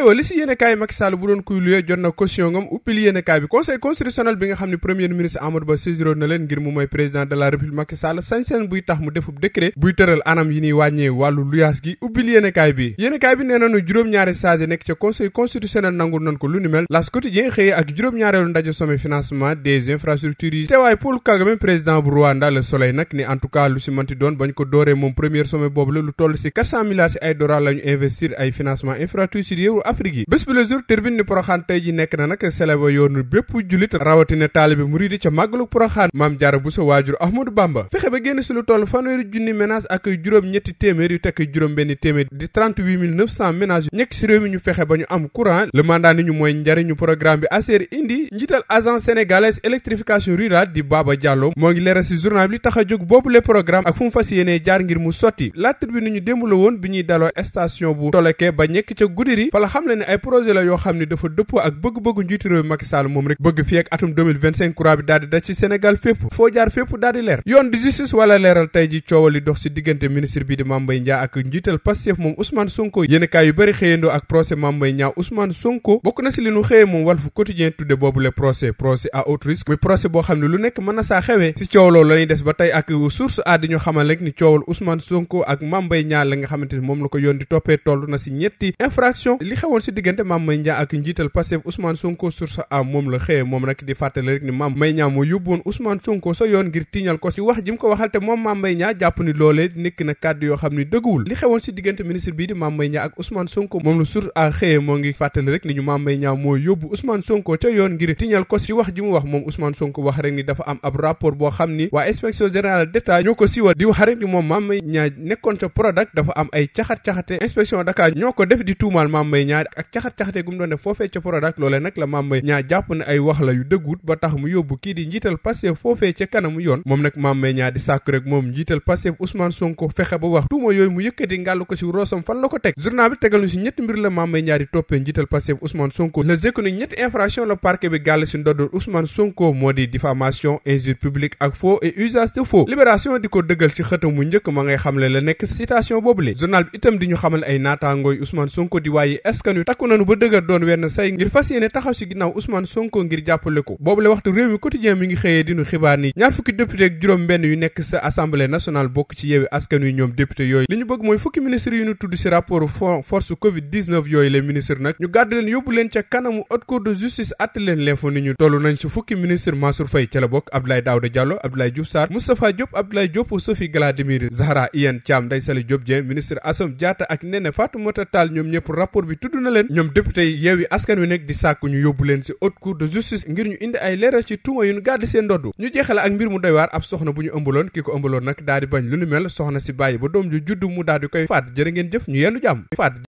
aywa li si yéenekaay Macky Sall bu doon kuy luyee jot na caution ngam uppil yéenekaay bi conseil constitutionnel bi nga xam ne premier ministre Amadou Ba saisiroon na leen ngir mu mooy président de la république Macky buy tax mu defub décret buy tëral anam yi ñuy wàññee wàllu luyaas gi uppil yéenekaay bi yéenekaay bi nee nañu juróom-ñaari saage nekk ca conseil constitutionnel nangul nañ ko lu ni mel las quotidien xëyee ak juróom-ñaareelu ndaje sommet financement des Afrique yi bés bi le jour tribune ni poroxaan tey ji nekk na nag célèbre yoonu bépp julit rawatina taalibe muridi ca màggalu poroxaan maam jaara buso waajur ahmadou bamba fexe ba génn si lu toll fanweeri junni ménage ak juróom ñetti téeméer yu tekk juróom benn téeméer di 38 900 ménage ñekk si réew mi ñu fexe ba ñu am courant le mandat ni ñu mooy njariñu programme bi ASER indi njiital agence sénégalaise électrification rurale di baaba Diallo moo ngi leeral si journal bi tax a jóg boobu le programme ak fu mu fas yéenee jaar ngir mu sotti la ñu démb la woon bi ñuy daloo station bu toleke ba ñekk ca gudiri fala xam le ne ay projet la yoo xam ne dafa dëppoo ak bëgg-bëggu njiitu réew Macky Sall moom rek bëgg fii ak atum 2025 courant bi daal di daj ci Sénégal fépp foo jaar fépp daal di leer yoon di justice wala leeral tey ji coowal li dox ci diggante ministre bi di Mame Mbaye ak njiital Pastef moom Ousmane Sonko yéenekaay yu bari xëyandoo ak procès Mame Mbaye Niang Sonko bokk na ci li nu xëye moom Walf Quotidien tudde boobu le procès procès à haut risque muy procès ne lu nekk mën na saa xewee ci coow loolu la a di ñu xamal rek ni la nga xamante ni moom la ko yoon di toppee toll na ci ñetti infraction li xewoon si diggante Mame Mbaye Niang ak njiital Pastef Ousmane Sonko source a di fàttali rek ni Mame Mbaye Niang moo yóbboon Ousmane Sonko sa yoon ngir tiiñal ko si wax ko waxal moom Mame Mbaye Niang jàpp ni loolee nekk na kàddu xam ni dëgguwul li xewoon si diggante ministre bii di a xëyee moo ngi fàttali rek ni ñu Mame Mbaye Niang moo yóbbu Ousmane Sonko ca yoon ngir tiiñal ko si wax ji mu wax moom Ousmane Sonko wax rek ni dafa am ab rapport boo xam ni waa inspection générale d'État ñoo ko siiwal di wax rek ni moom Mame Mbaye Niang nekkoon ca Prodac dafa am ay caxat-caxate inspection Dakar ñoo ko def di tuumaal Mame Mbaye ñaar ak caxat-caxate gum doon def foofee ca Prodac loole nag la Mame Mbaye Niang jàpp ne ay wax la yu dëggut ba tax mu yóbbu kii di njiital Pastef foofee ca kanamu yoon moom nag Mame Mbaye di sàkk rek moom njiital Pastef Ousmane Sonko fexe ba wax tuuma yooyu mu yëkkati ngàllu ko si roosam fan la ko teg journal bi tegal ñu si ñetti mbir la Mame Mbaye toppee njiital Pastef Ousmane Sonko la zëkk ñetti infraction la parquet bi gàll si ndoddul Ousmane Sonko moo mu njëkk ma ngay xamle la nekk citation boobu le journal bi askan wi takku nanu ba dëgër doon wenn say ngir fas yéene taxaw ci ginnaaw Ousmane Sonko ngir jàppale ko boobu la waxtu réew mi quotidien mi ngi xëyee dinu xibaar ni ñaar nekk sa assemblée nationale bokk ci yeewi askan wi ñoom député yooyu li ñu bëgg mooy fukki ministre yu ñu tudd ci rapport force covid yooyu les ministre nag ñu gàdd leen yóbbu leen ca kanamu haute de justice atte leen l'info ñu toll nañ ci fukki ministre Mansour Faye ca la tudd na leen ñoom député yi yeewi askan wi nag di sàkku ñu yóbbu leen si haute cour de justice ngir ñu indi ay leeral ci tuuma yu ñu gàddi seen ndodd ñu jeexale ak mbir mu doy waar ab soxna bu ñu ëmbaloon ki ko ëmbaloon nag daal di bañ lu nu mel soxna si bàyyi ba doom ju judd mu daal di koy faat jërë ngeen jëf ñu yendu jàmm faat